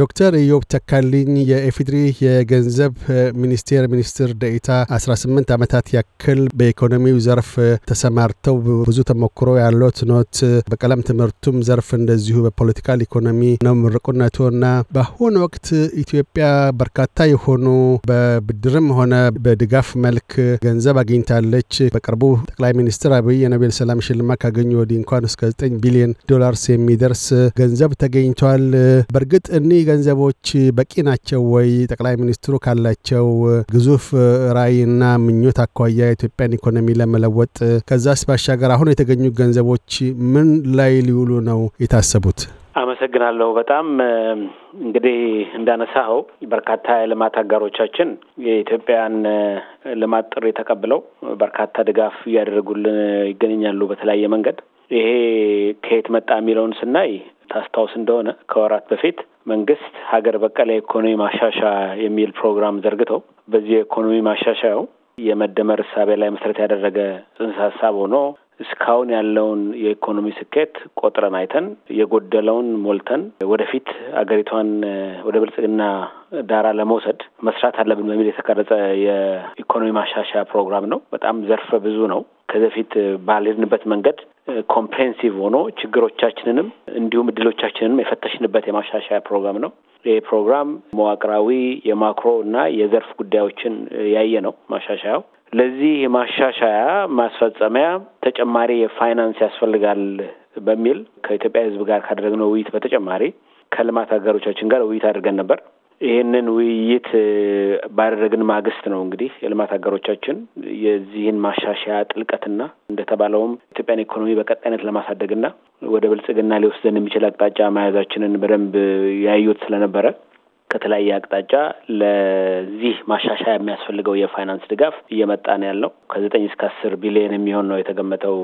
ዶክተር ኢዮብ ተካልኝ የኢፌዴሪ የገንዘብ ሚኒስቴር ሚኒስትር ደኢታ 18 ዓመታት ያክል በኢኮኖሚው ዘርፍ ተሰማርተው ብዙ ተሞክሮ ያለት ኖት። በቀለም ትምህርቱም ዘርፍ እንደዚሁ በፖለቲካል ኢኮኖሚ ነው ምርቁነቱ እና በአሁኑ ወቅት ኢትዮጵያ በርካታ የሆኑ በብድርም ሆነ በድጋፍ መልክ ገንዘብ አግኝታለች። በቅርቡ ጠቅላይ ሚኒስትር አብይ የኖቤል ሰላም ሽልማት ካገኙ ወዲህ እንኳን እስከ 9 ቢሊዮን ዶላርስ የሚደርስ ገንዘብ ተገኝቷል። በእርግጥ እኒህ ገንዘቦች በቂ ናቸው ወይ? ጠቅላይ ሚኒስትሩ ካላቸው ግዙፍ ራዕይና ምኞት አኳያ የኢትዮጵያን ኢኮኖሚ ለመለወጥ ከዛስ ባሻገር አሁን የተገኙ ገንዘቦች ምን ላይ ሊውሉ ነው የታሰቡት? አመሰግናለሁ። በጣም እንግዲህ እንዳነሳኸው በርካታ የልማት አጋሮቻችን የኢትዮጵያን ልማት ጥሪ ተቀብለው በርካታ ድጋፍ እያደረጉልን ይገኛሉ በተለያየ መንገድ። ይሄ ከየት መጣ የሚለውን ስናይ ታስታውስ እንደሆነ ከወራት በፊት መንግስት ሀገር በቀል የኢኮኖሚ ማሻሻያ የሚል ፕሮግራም ዘርግተው በዚህ የኢኮኖሚ ማሻሻያው የመደመር እሳቤ ላይ መሰረት ያደረገ ጽንሰ ሀሳብ ሆኖ እስካሁን ያለውን የኢኮኖሚ ስኬት ቆጥረን አይተን የጎደለውን ሞልተን ወደፊት አገሪቷን ወደ ብልጽግና ዳራ ለመውሰድ መስራት አለብን በሚል የተቀረጸ የኢኮኖሚ ማሻሻያ ፕሮግራም ነው። በጣም ዘርፈ ብዙ ነው። ከዚህ በፊት ባልሄድንበት መንገድ ኮምፕሬንሲቭ ሆኖ ችግሮቻችንንም እንዲሁም እድሎቻችንንም የፈተሽንበት የማሻሻያ ፕሮግራም ነው። ይህ ፕሮግራም መዋቅራዊ የማክሮ እና የዘርፍ ጉዳዮችን ያየ ነው ማሻሻያው። ለዚህ የማሻሻያ ማስፈጸሚያ ተጨማሪ የፋይናንስ ያስፈልጋል በሚል ከኢትዮጵያ ሕዝብ ጋር ካደረግነው ውይይት በተጨማሪ ከልማት አጋሮቻችን ጋር ውይይት አድርገን ነበር። ይህንን ውይይት ባደረግን ማግስት ነው እንግዲህ የልማት ሀገሮቻችን የዚህን ማሻሻያ ጥልቀትና እንደተባለውም ኢትዮጵያን ኢኮኖሚ በቀጣይነት ለማሳደግና ወደ ብልጽግና ሊወስደን የሚችል አቅጣጫ መያዛችንን በደንብ ያዩት ስለነበረ ከተለያየ አቅጣጫ ለዚህ ማሻሻያ የሚያስፈልገው የፋይናንስ ድጋፍ እየመጣ ነው ያለው። ከዘጠኝ እስከ አስር ቢሊዮን የሚሆን ነው የተገመተው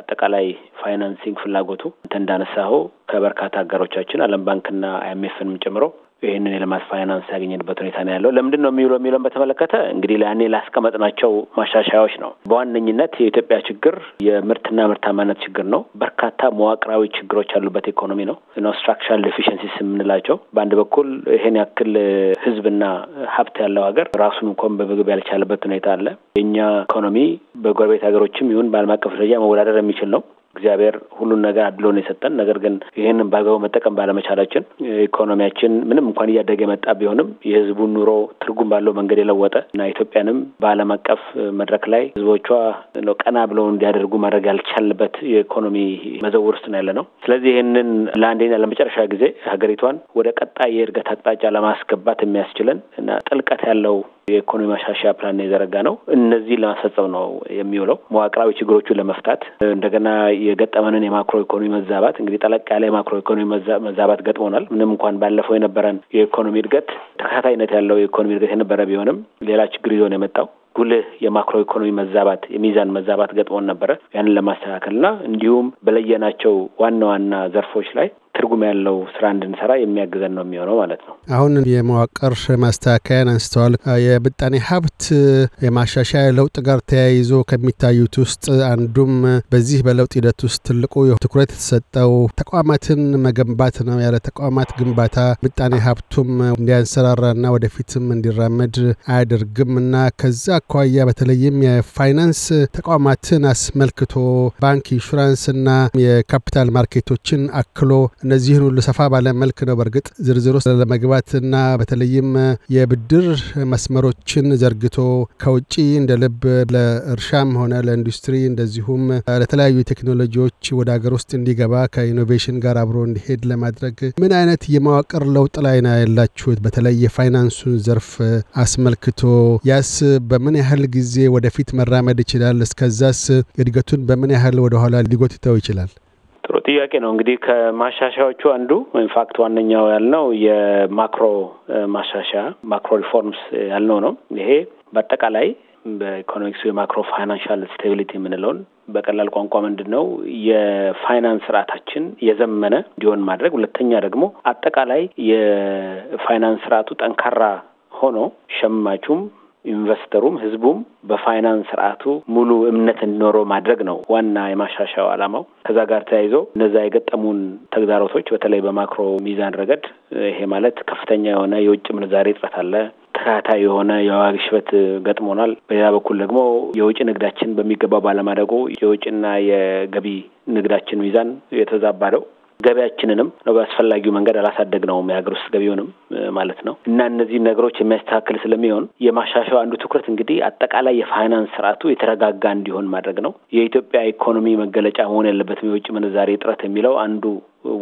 አጠቃላይ ፋይናንሲንግ ፍላጎቱ። እንተ እንዳነሳኸው ከበርካታ አጋሮቻችን አለም ባንክና አይኤምኤፍንም ጨምሮ ይህንን የልማት ፋይናንስ ያገኘንበት ሁኔታ ነው ያለው። ለምንድን ነው የሚውለው የሚለውን በተመለከተ እንግዲህ ለያኔ ላስቀመጥናቸው ማሻሻያዎች ነው። በዋነኝነት የኢትዮጵያ ችግር የምርትና ምርታማነት ችግር ነው። በርካታ መዋቅራዊ ችግሮች ያሉበት ኢኮኖሚ ነው። ስትራክቸራል ዴፊሽንሲስ የምንላቸው በአንድ በኩል ይሄን ያክል ህዝብና ሀብት ያለው ሀገር ራሱን እንኳን በምግብ ያልቻለበት ሁኔታ አለ። የእኛ ኢኮኖሚ በጎረቤት ሀገሮችም ይሁን በዓለም አቀፍ ደረጃ መወዳደር የሚችል ነው። እግዚአብሔር ሁሉን ነገር አድሎን የሰጠን፣ ነገር ግን ይህንን በአግባቡ መጠቀም ባለመቻላችን ኢኮኖሚያችን ምንም እንኳን እያደገ የመጣ ቢሆንም የህዝቡን ኑሮ ትርጉም ባለው መንገድ የለወጠ እና ኢትዮጵያንም በዓለም አቀፍ መድረክ ላይ ህዝቦቿ ቀና ብለው እንዲያደርጉ ማድረግ ያልቻልንበት የኢኮኖሚ መዘውር ውስጥ ነው ያለ ነው። ስለዚህ ይህንን ለአንደኛ ለመጨረሻ ጊዜ ሀገሪቷን ወደ ቀጣይ የእድገት አቅጣጫ ለማስገባት የሚያስችለን እና ጥልቀት ያለው የኢኮኖሚ ማሻሻያ ፕላን የዘረጋ ነው። እነዚህን ለማስፈጸም ነው የሚውለው። መዋቅራዊ ችግሮቹን ለመፍታት እንደገና የገጠመንን የማክሮ ኢኮኖሚ መዛባት እንግዲህ ጠለቅ ያለ የማክሮ ኢኮኖሚ መዛባት ገጥሞናል። ምንም እንኳን ባለፈው የነበረን የኢኮኖሚ እድገት ተከታታይነት ያለው የኢኮኖሚ እድገት የነበረ ቢሆንም ሌላ ችግር ይዞን የመጣው ጉልህ የማክሮ ኢኮኖሚ መዛባት የሚዛን መዛባት ገጥሞን ነበረ። ያንን ለማስተካከልና እንዲሁም በለየናቸው ዋና ዋና ዘርፎች ላይ ትርጉም ያለው ስራ እንድንሰራ የሚያግዘን ነው የሚሆነው ማለት ነው። አሁን የመዋቅር ማስተካከያን አንስተዋል። የምጣኔ ሀብት የማሻሻያ ለውጥ ጋር ተያይዞ ከሚታዩት ውስጥ አንዱም በዚህ በለውጥ ሂደት ውስጥ ትልቁ ትኩረት የተሰጠው ተቋማትን መገንባት ነው። ያለ ተቋማት ግንባታ ምጣኔ ሀብቱም እንዲያንሰራራና ወደፊትም እንዲራመድ አያደርግም እና ከዛ አኳያ በተለይም የፋይናንስ ተቋማትን አስመልክቶ ባንክ፣ ኢንሹራንስ እና የካፒታል ማርኬቶችን አክሎ እነዚህን ሁሉ ሰፋ ባለ መልክ ነው በእርግጥ ዝርዝር ውስጥ ለመግባትና በተለይም የብድር መስመሮችን ዘርግቶ ከውጭ እንደ ልብ ለእርሻም ሆነ ለኢንዱስትሪ እንደዚሁም ለተለያዩ ቴክኖሎጂዎች ወደ ሀገር ውስጥ እንዲገባ ከኢኖቬሽን ጋር አብሮ እንዲሄድ ለማድረግ ምን አይነት የመዋቅር ለውጥ ላይ ነው ያላችሁት? በተለይ የፋይናንሱን ዘርፍ አስመልክቶ ያስ በምን ያህል ጊዜ ወደፊት መራመድ ይችላል? እስከዛስ እድገቱን በምን ያህል ወደኋላ ሊጎትተው ይችላል? ጥያቄ ነው። እንግዲህ ከማሻሻያዎቹ አንዱ ኢንፋክት ዋነኛው ያልነው የማክሮ ማሻሻያ ማክሮ ሪፎርምስ ያልነው ነው። ይሄ በአጠቃላይ በኢኮኖሚክሱ የማክሮ ፋይናንሻል ስቴቢሊቲ የምንለውን በቀላል ቋንቋ ምንድን ነው የፋይናንስ ስርዓታችን የዘመነ እንዲሆን ማድረግ፣ ሁለተኛ ደግሞ አጠቃላይ የፋይናንስ ስርዓቱ ጠንካራ ሆኖ ሸማቹም ኢንቨስተሩም ህዝቡም በፋይናንስ ስርዓቱ ሙሉ እምነት እንዲኖረው ማድረግ ነው ዋና የማሻሻያው ዓላማው። ከዛ ጋር ተያይዞ እነዛ የገጠሙን ተግዳሮቶች በተለይ በማክሮ ሚዛን ረገድ ይሄ ማለት ከፍተኛ የሆነ የውጭ ምንዛሬ እጥረት አለ። ተከታታይ የሆነ የዋጋ ግሽበት ገጥሞናል። በሌላ በኩል ደግሞ የውጭ ንግዳችን በሚገባው ባለማደጉ የውጭና የገቢ ንግዳችን ሚዛን የተዛባ ነው። ገበያችንንም ነው በአስፈላጊው መንገድ አላሳደግነውም፣ የሀገር ውስጥ ገቢውንም ማለት ነው እና እነዚህ ነገሮች የሚያስተካክል ስለሚሆን የማሻሻው አንዱ ትኩረት እንግዲህ አጠቃላይ የፋይናንስ ስርዓቱ የተረጋጋ እንዲሆን ማድረግ ነው። የኢትዮጵያ ኢኮኖሚ መገለጫ መሆን ያለበትም የውጭ ምንዛሬ እጥረት የሚለው አንዱ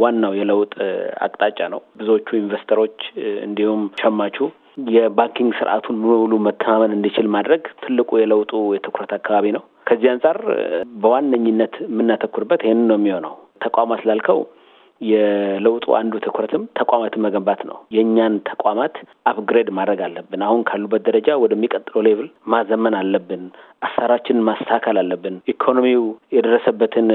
ዋናው የለውጥ አቅጣጫ ነው። ብዙዎቹ ኢንቨስተሮች እንዲሁም ሸማቹ የባንኪንግ ስርዓቱን ሙሉ በሙሉ መተማመን እንዲችል ማድረግ ትልቁ የለውጡ የትኩረት አካባቢ ነው። ከዚህ አንጻር በዋነኝነት የምናተኩርበት ይህንን ነው የሚሆነው። ተቋማት ላልከው የለውጡ አንዱ ትኩረትም ተቋማትን መገንባት ነው። የእኛን ተቋማት አፕግሬድ ማድረግ አለብን። አሁን ካሉበት ደረጃ ወደሚቀጥለው ሌቭል ማዘመን አለብን። አሰራችን ማስተካከል አለብን። ኢኮኖሚው የደረሰበትን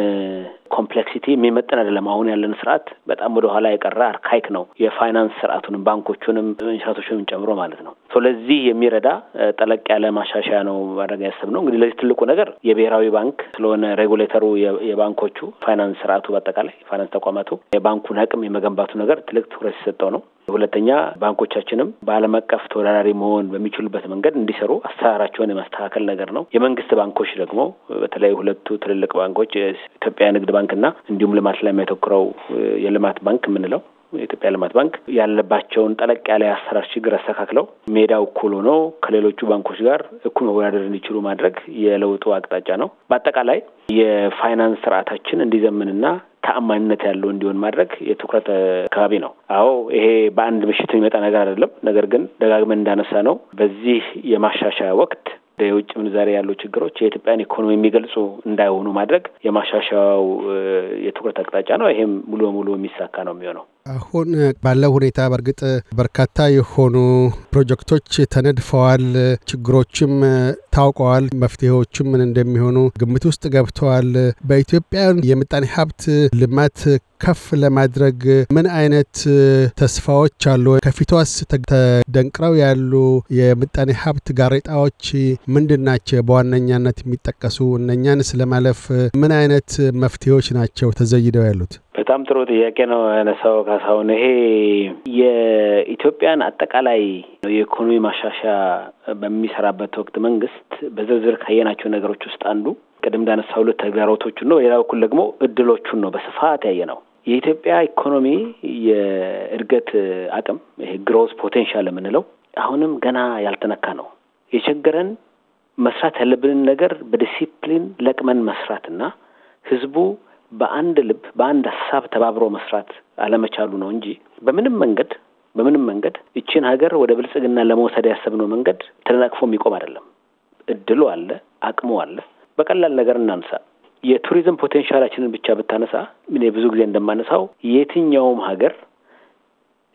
ኮምፕሌክሲቲ የሚመጥን አይደለም። አሁን ያለን ስርዓት በጣም ወደኋላ የቀረ አርካይክ ነው። የፋይናንስ ስርዓቱንም ባንኮቹንም ኢንሹራንሶቹንም ጨምሮ ማለት ነው። ለዚህ የሚረዳ ጠለቅ ያለ ማሻሻያ ነው ማድረግ ነው እንግዲህ ለዚህ ትልቁ ነገር የብሔራዊ ባንክ ስለሆነ ሬጉሌተሩ የባንኮቹ ፋይናንስ ስርዓቱ በአጠቃላይ ፋይናንስ ተቋማቱ የባንኩን አቅም የመገንባቱ ነገር ትልቅ ትኩረት ሲሰጠው ነው። ሁለተኛ ባንኮቻችንም በዓለም አቀፍ ተወዳዳሪ መሆን በሚችሉበት መንገድ እንዲሰሩ አሰራራቸውን የማስተካከል ነገር ነው። የመንግስት ባንኮች ደግሞ በተለይ ሁለቱ ትልልቅ ባንኮች ኢትዮጵያ ንግድ ባንክና እንዲሁም ልማት ላይ የሚያተኩረው የልማት ባንክ የምንለው የኢትዮጵያ ልማት ባንክ ያለባቸውን ጠለቅ ያለ የአሰራር ችግር አስተካክለው ሜዳው እኩል ሆኖ ከሌሎቹ ባንኮች ጋር እኩል መወዳደር እንዲችሉ ማድረግ የለውጡ አቅጣጫ ነው። በአጠቃላይ የፋይናንስ ስርዓታችን እንዲዘምንና ተአማኝነት ያለው እንዲሆን ማድረግ የትኩረት አካባቢ ነው። አዎ ይሄ በአንድ ምሽት የሚመጣ ነገር አይደለም። ነገር ግን ደጋግመን እንዳነሳ ነው በዚህ የማሻሻያ ወቅት የውጭ ምንዛሬ ያሉ ችግሮች የኢትዮጵያን ኢኮኖሚ የሚገልጹ እንዳይሆኑ ማድረግ የማሻሻያው የትኩረት አቅጣጫ ነው። ይሄም ሙሉ በሙሉ የሚሳካ ነው የሚሆነው። አሁን ባለው ሁኔታ በእርግጥ በርካታ የሆኑ ፕሮጀክቶች ተነድፈዋል። ችግሮችም ታውቀዋል። መፍትሄዎችም ምን እንደሚሆኑ ግምት ውስጥ ገብተዋል። በኢትዮጵያ የምጣኔ ሀብት ልማት ከፍ ለማድረግ ምን አይነት ተስፋዎች አሉ? ከፊቷስ ተደንቅረው ያሉ የምጣኔ ሀብት ጋሬጣዎች ምንድን ናቸው? በዋነኛነት የሚጠቀሱ እነኛን ስለማለፍ ምን አይነት መፍትሄዎች ናቸው ተዘይደው ያሉት? በጣም ጥሩ ጥያቄ ነው ያነሳው ካሳሁን። ይሄ የኢትዮጵያን አጠቃላይ የኢኮኖሚ ማሻሻያ በሚሰራበት ወቅት መንግስት በዝርዝር ካየናቸው ነገሮች ውስጥ አንዱ ቅድም እንዳነሳ ሁለት ተግዳሮቶቹን ነው፣ በሌላ በኩል ደግሞ እድሎቹን ነው በስፋት ያየ ነው። የኢትዮጵያ ኢኮኖሚ የእድገት አቅም ይሄ ግሮዝ ፖቴንሻል የምንለው አሁንም ገና ያልተነካ ነው። የቸገረን መስራት ያለብንን ነገር በዲሲፕሊን ለቅመን መስራትና ህዝቡ በአንድ ልብ በአንድ ሀሳብ ተባብሮ መስራት አለመቻሉ ነው እንጂ በምንም መንገድ በምንም መንገድ ይችን ሀገር ወደ ብልጽግና ለመውሰድ ያሰብነው መንገድ ተደናቅፎ የሚቆም አይደለም። እድሉ አለ፣ አቅሙ አለ። በቀላል ነገር እናንሳ። የቱሪዝም ፖቴንሻላችንን ብቻ ብታነሳ እኔ ብዙ ጊዜ እንደማነሳው የትኛውም ሀገር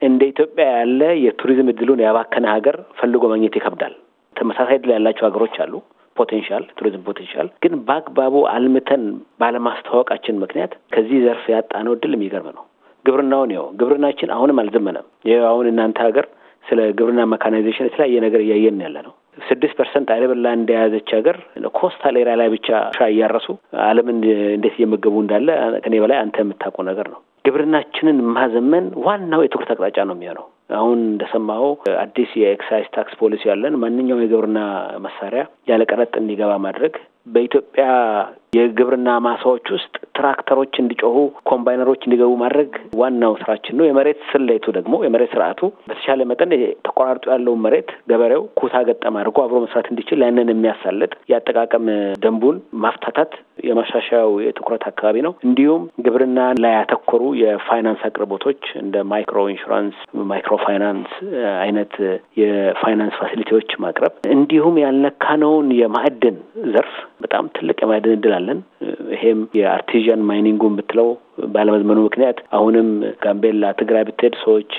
እንደ ኢትዮጵያ ያለ የቱሪዝም እድሉን ያባከነ ሀገር ፈልጎ ማግኘት ይከብዳል። ተመሳሳይ እድል ያላቸው ሀገሮች አሉ። ፖቴንሻል ቱሪዝም ፖቴንሻል ግን በአግባቡ አልምተን ባለማስተዋወቃችን ምክንያት ከዚህ ዘርፍ ያጣነው ድል የሚገርም ነው። ግብርናውን ይኸው ግብርናችን አሁንም አልዘመነም። ይኸው አሁን እናንተ ሀገር ስለ ግብርና መካናይዜሽን የተለያየ ነገር እያየን ያለ ነው። ስድስት ፐርሰንት አለበላ እንደያዘች ሀገር ኮስታል ኤሪያ ላይ ብቻ ሻ እያረሱ ዓለምን እንዴት እየመገቡ እንዳለ ከኔ በላይ አንተ የምታውቀው ነገር ነው። ግብርናችንን ማዘመን ዋናው የትኩረት አቅጣጫ ነው የሚሆነው። አሁን እንደሰማው አዲስ የኤክሳይዝ ታክስ ፖሊሲ ያለን ማንኛውም የግብርና መሳሪያ ያለ ቀረጥ እንዲገባ ማድረግ በኢትዮጵያ የግብርና ማሳዎች ውስጥ ትራክተሮች እንዲጮሁ፣ ኮምባይነሮች እንዲገቡ ማድረግ ዋናው ስራችን ነው። የመሬት ስሌቱ ደግሞ የመሬት ስርዓቱ በተቻለ መጠን ተቆራርጦ ያለውን መሬት ገበሬው ኩታ ገጠም አድርጎ አብሮ መስራት እንዲችል ያንን የሚያሳልጥ የአጠቃቀም ደንቡን ማፍታታት የማሻሻያው የትኩረት አካባቢ ነው። እንዲሁም ግብርና ላይ ያተኮሩ የፋይናንስ አቅርቦቶች እንደ ማይክሮ ኢንሹራንስ፣ ማይክሮ ፋይናንስ አይነት የፋይናንስ ፋሲሊቲዎች ማቅረብ እንዲሁም ያልነካነውን የማዕድን ዘርፍ በጣም ትልቅ የማዕድን እድል አለን። ይሄም የአርቲዣን ማይኒንጉ የምትለው ባለመዝመኑ ምክንያት አሁንም ጋምቤላ፣ ትግራይ ብትሄድ ሰዎች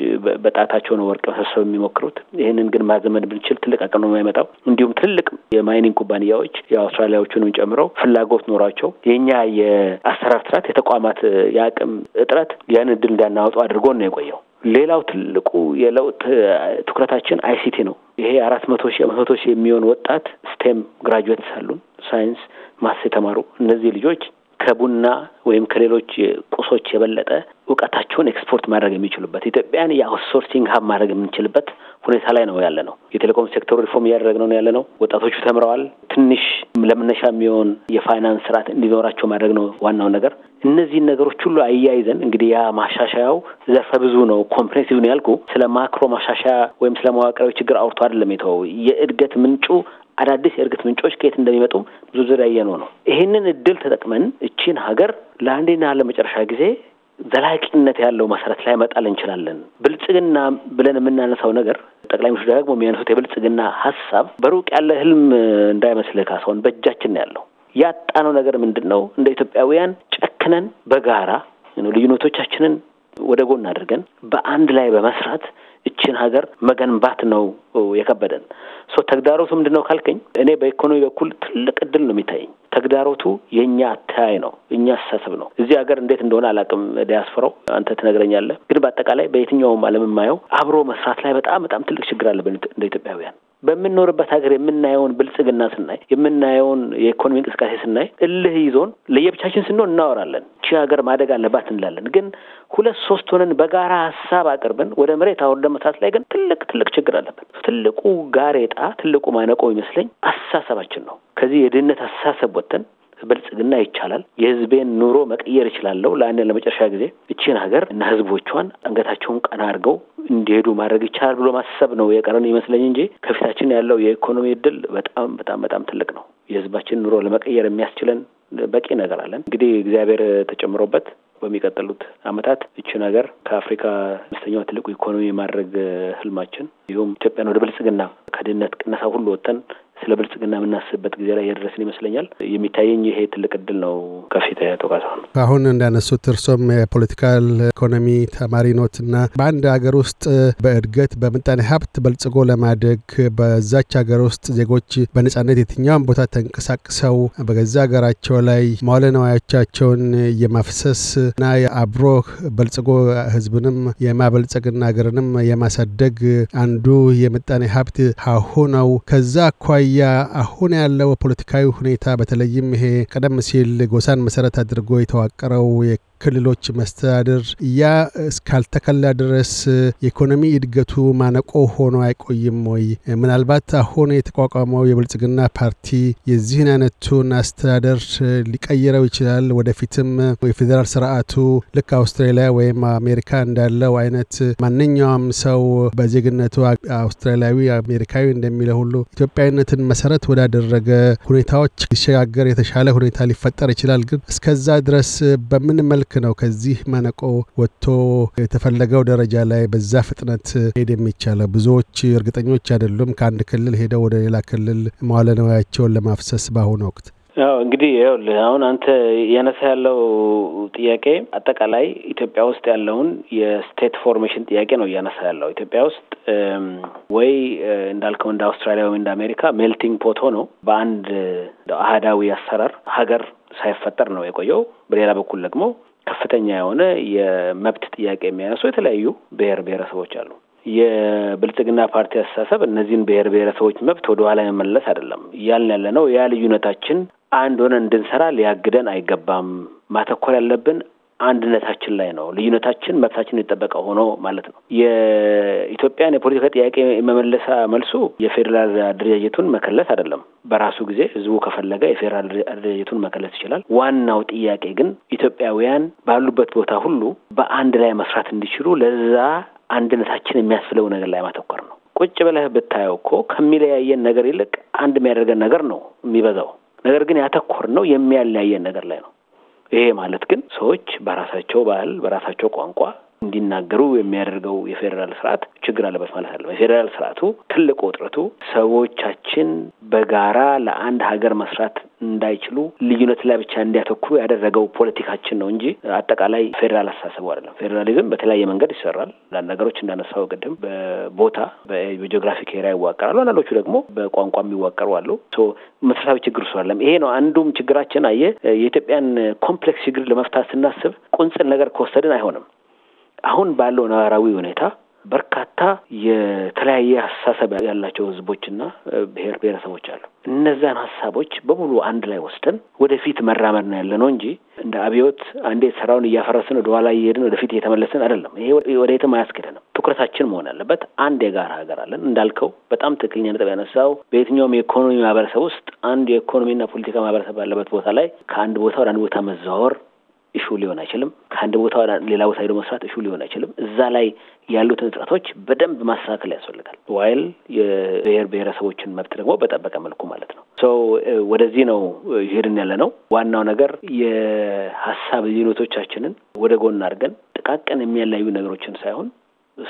በጣታቸው ነው ወርቅ መሰብሰብ የሚሞክሩት። ይህንን ግን ማዘመን ብንችል ትልቅ አቅም ነው የማይመጣው እንዲሁም ትልቅ የማይኒንግ ኩባንያዎች የአውስትራሊያዎቹንም ጨምረው ፍላጎት ኖሯቸው የእኛ የአሰራር ስርዓት፣ የተቋማት የአቅም እጥረት ያን እድል እንዳናወጡ አድርጎን ነው የቆየው። ሌላው ትልቁ የለውጥ ትኩረታችን አይሲቲ ነው። ይሄ አራት መቶ ሺህ መቶ ሺህ የሚሆን ወጣት ስቴም ግራጁዌትስ አሉን፣ ሳይንስ ማስ የተማሩ እነዚህ ልጆች ከቡና ወይም ከሌሎች ቁሶች የበለጠ እውቀታቸውን ኤክስፖርት ማድረግ የሚችሉበት ኢትዮጵያን የአውትሶርሲንግ ሀብ ማድረግ የምንችልበት ሁኔታ ላይ ነው ያለ ነው። የቴሌኮም ሴክተሩ ሪፎርም እያደረግ ነው ያለ ነው። ወጣቶቹ ተምረዋል። ትንሽ ለመነሻ የሚሆን የፋይናንስ ስርዓት እንዲኖራቸው ማድረግ ነው ዋናው ነገር። እነዚህን ነገሮች ሁሉ አያይዘን እንግዲህ ያ ማሻሻያው ዘርፈ ብዙ ነው። ኮምፕሬንሲቭ ነው ያልኩ ስለ ማክሮ ማሻሻያ ወይም ስለ መዋቅራዊ ችግር አውርቶ አይደለም የተወው የእድገት ምንጩ አዳዲስ የእድገት ምንጮች ከየት እንደሚመጡ ብዙ ዙር ያየነው ነው። ይህንን እድል ተጠቅመን እቺን ሀገር ለአንዴና ለመጨረሻ ጊዜ ዘላቂነት ያለው መሰረት ላይ መጣል እንችላለን። ብልጽግና ብለን የምናነሳው ነገር ጠቅላይ ሚኒስትሩ ደግሞ የሚያነሱት የብልጽግና ሀሳብ በሩቅ ያለ ህልም እንዳይመስልህ ካሳሁን፣ በእጃችን ነው ያለው። ያጣነው ነገር ምንድን ነው? እንደ ኢትዮጵያውያን ጨክነን በጋራ ልዩነቶቻችንን ወደ ጎን አድርገን በአንድ ላይ በመስራት እችን ሀገር መገንባት ነው የከበደን። ሶ ተግዳሮቱ ምንድን ነው ካልከኝ፣ እኔ በኢኮኖሚ በኩል ትልቅ እድል ነው የሚታየኝ። ተግዳሮቱ የእኛ አተያይ ነው፣ እኛ አስተሳሰብ ነው። እዚህ ሀገር እንዴት እንደሆነ አላውቅም፣ ዲያስፖራው አንተ ትነግረኛለህ። ግን በአጠቃላይ በየትኛውም ዓለም የማየው አብሮ መስራት ላይ በጣም በጣም ትልቅ ችግር አለብን እንደ ኢትዮጵያውያን። በምንኖርበት ሀገር የምናየውን ብልጽግና ስናይ የምናየውን የኢኮኖሚ እንቅስቃሴ ስናይ እልህ ይዞን ለየብቻችን ስንሆን እናወራለን። ቺ ሀገር ማደግ አለባት እንላለን። ግን ሁለት ሶስት ሆነን በጋራ ሀሳብ አቅርበን ወደ መሬት አሁን ለመሳት ላይ ግን ትልቅ ትልቅ ችግር አለብን። ትልቁ ጋሬጣ፣ ትልቁ ማነቆ ይመስለኝ አስተሳሰባችን ነው። ከዚህ የድህነት አስተሳሰብ ወጥተን ብልጽግና ይቻላል፣ የህዝቤን ኑሮ መቀየር እችላለሁ፣ ለአንድ ለመጨረሻ ጊዜ እቺን ሀገር እና ህዝቦቿን አንገታቸውን ቀና አድርገው እንዲሄዱ ማድረግ ይቻላል ብሎ ማሰብ ነው የቀረን ይመስለኝ እንጂ ከፊታችን ያለው የኢኮኖሚ እድል በጣም በጣም በጣም ትልቅ ነው። የህዝባችን ኑሮ ለመቀየር የሚያስችለን በቂ ነገር አለን። እንግዲህ እግዚአብሔር ተጨምሮበት በሚቀጥሉት አመታት እችን ነገር ከአፍሪካ አምስተኛዋ ትልቁ ኢኮኖሚ ማድረግ ህልማችን፣ ይሁም ኢትዮጵያን ወደ ብልጽግና ከድህነት ቅነሳ ሁሉ ወጥተን ስለ ብልጽግና የምናስብበት ጊዜ ላይ የደረስን ይመስለኛል። የሚታየኝ ይሄ ትልቅ እድል ነው ከፊት ተቋሳሁን አሁን እንዳነሱት እርሶም የፖለቲካል ኢኮኖሚ ተማሪ ኖትና በአንድ ሀገር ውስጥ በእድገት በምጣኔ ሀብት በልጽጎ ለማደግ በዛች ሀገር ውስጥ ዜጎች በነጻነት የትኛውን ቦታ ተንቀሳቅሰው በገዛ ሀገራቸው ላይ መዋለ ነዋያቻቸውን የማፍሰስ እና የአብሮ በልጽጎ ህዝብንም የማበልጸግና ሀገርንም የማሳደግ አንዱ የምጣኔ ሀብት ሀሁ ነው። ከዛ አኳያ ራያ አሁን ያለው ፖለቲካዊ ሁኔታ በተለይም ይሄ ቀደም ሲል ጎሳን መሰረት አድርጎ የተዋቀረው ክልሎች መስተዳድር ያ እስካልተከላ ድረስ የኢኮኖሚ እድገቱ ማነቆ ሆኖ አይቆይም ወይ? ምናልባት አሁን የተቋቋመው የብልጽግና ፓርቲ የዚህን አይነቱን አስተዳደር ሊቀይረው ይችላል። ወደፊትም የፌዴራል ስርዓቱ ልክ አውስትራሊያ ወይም አሜሪካ እንዳለው አይነት ማንኛውም ሰው በዜግነቱ አውስትራሊያዊ አሜሪካዊ እንደሚለው ሁሉ ኢትዮጵያዊነትን መሰረት ወዳደረገ ሁኔታዎች ሊሸጋገር የተሻለ ሁኔታ ሊፈጠር ይችላል። ግን እስከዛ ድረስ በምን መልክ ልክ ነው። ከዚህ ማነቆ ወጥቶ የተፈለገው ደረጃ ላይ በዛ ፍጥነት ሄድ የሚቻለው ብዙዎች እርግጠኞች አይደሉም ከአንድ ክልል ሄደው ወደ ሌላ ክልል መዋለ ንዋያቸውን ለማፍሰስ በአሁኑ ወቅት ያው እንግዲህ ይኸውልህ አሁን አንተ ያነሳ ያለው ጥያቄ አጠቃላይ ኢትዮጵያ ውስጥ ያለውን የስቴት ፎርሜሽን ጥያቄ ነው እያነሳ ያለው። ኢትዮጵያ ውስጥ ወይ እንዳልከው እንደ አውስትራሊያ ወይ እንደ አሜሪካ ሜልቲንግ ፖት ሆኖ በአንድ አህዳዊ አሰራር ሀገር ሳይፈጠር ነው የቆየው። በሌላ በኩል ደግሞ ከፍተኛ የሆነ የመብት ጥያቄ የሚያነሱ የተለያዩ ብሔር ብሔረሰቦች አሉ። የብልጽግና ፓርቲ አስተሳሰብ እነዚህን ብሔር ብሔረሰቦች መብት ወደ ኋላ የመመለስ አይደለም እያልን ያለ ነው። ያ ልዩነታችን አንድ ሆነ እንድንሰራ ሊያግደን አይገባም። ማተኮር ያለብን አንድነታችን ላይ ነው። ልዩነታችን መብታችን የጠበቀ ሆኖ ማለት ነው። የኢትዮጵያን የፖለቲካ ጥያቄ የመመለሳ መልሱ የፌዴራል አደረጃጀቱን መከለስ አይደለም። በራሱ ጊዜ ህዝቡ ከፈለገ የፌዴራል አደረጃጀቱን መከለስ ይችላል። ዋናው ጥያቄ ግን ኢትዮጵያውያን ባሉበት ቦታ ሁሉ በአንድ ላይ መስራት እንዲችሉ ለዛ አንድነታችን የሚያስፍለው ነገር ላይ ማተኮር ነው። ቁጭ ብለህ ብታየው እኮ ከሚለያየን ነገር ይልቅ አንድ የሚያደርገን ነገር ነው የሚበዛው። ነገር ግን ያተኮር ነው የሚያለያየን ነገር ላይ ነው። ይሄ ማለት ግን ሰዎች በራሳቸው ባህል፣ በራሳቸው ቋንቋ እንዲናገሩ የሚያደርገው የፌዴራል ስርዓት ችግር አለበት ማለት አለ። የፌዴራል ስርዓቱ ትልቁ ውጥረቱ ሰዎቻችን በጋራ ለአንድ ሀገር መስራት እንዳይችሉ ልዩነት ላይ ብቻ እንዲያተኩሩ ያደረገው ፖለቲካችን ነው እንጂ አጠቃላይ ፌዴራል አስተሳሰቡ አይደለም። ፌዴራሊዝም በተለያየ መንገድ ይሰራል። አንዳንድ ነገሮች እንዳነሳው ቅድም በቦታ በጂኦግራፊክ ኤሪያ ይዋቀራሉ። አንዳንዶቹ ደግሞ በቋንቋ የሚዋቀሩ አሉ። መሰረታዊ ችግር ስላለም ይሄ ነው አንዱም ችግራችን። አየ የኢትዮጵያን ኮምፕሌክስ ችግር ለመፍታት ስናስብ ቁንጽል ነገር ከወሰድን አይሆንም። አሁን ባለው ነባራዊ ሁኔታ በርካታ የተለያየ አስተሳሰብ ያላቸው ህዝቦችና ብሔር ብሔረሰቦች አሉ። እነዛን ሀሳቦች በሙሉ አንድ ላይ ወስደን ወደፊት መራመድ ነው ያለ ነው እንጂ እንደ አብዮት አንዴ ስራውን እያፈረስን ወደኋላ እየሄድን ወደፊት እየተመለስን አይደለም። ይሄ ወደ የትም አያስኬደንም። ትኩረታችን መሆን አለበት። አንድ የጋራ ሀገር አለን እንዳልከው በጣም ትክክለኛ ነጥብ ያነሳው። በየትኛውም የኢኮኖሚ ማህበረሰብ ውስጥ አንድ የኢኮኖሚና ፖለቲካ ማህበረሰብ ባለበት ቦታ ላይ ከአንድ ቦታ ወደ አንድ ቦታ መዘዋወር እሹ ሊሆን አይችልም። ከአንድ ቦታ ሌላ ቦታ ሄዶ መስራት እሹ ሊሆን አይችልም። እዛ ላይ ያሉትን እጥረቶች በደንብ ማስተካከል ያስፈልጋል። ዋይል የብሔር ብሔረሰቦችን መብት ደግሞ በጠበቀ መልኩ ማለት ነው። ሰው ወደዚህ ነው ይሄድን ያለ ነው። ዋናው ነገር የሀሳብ ልዩነቶቻችንን ወደ ጎን አድርገን ጥቃቅን የሚያለያዩ ነገሮችን ሳይሆን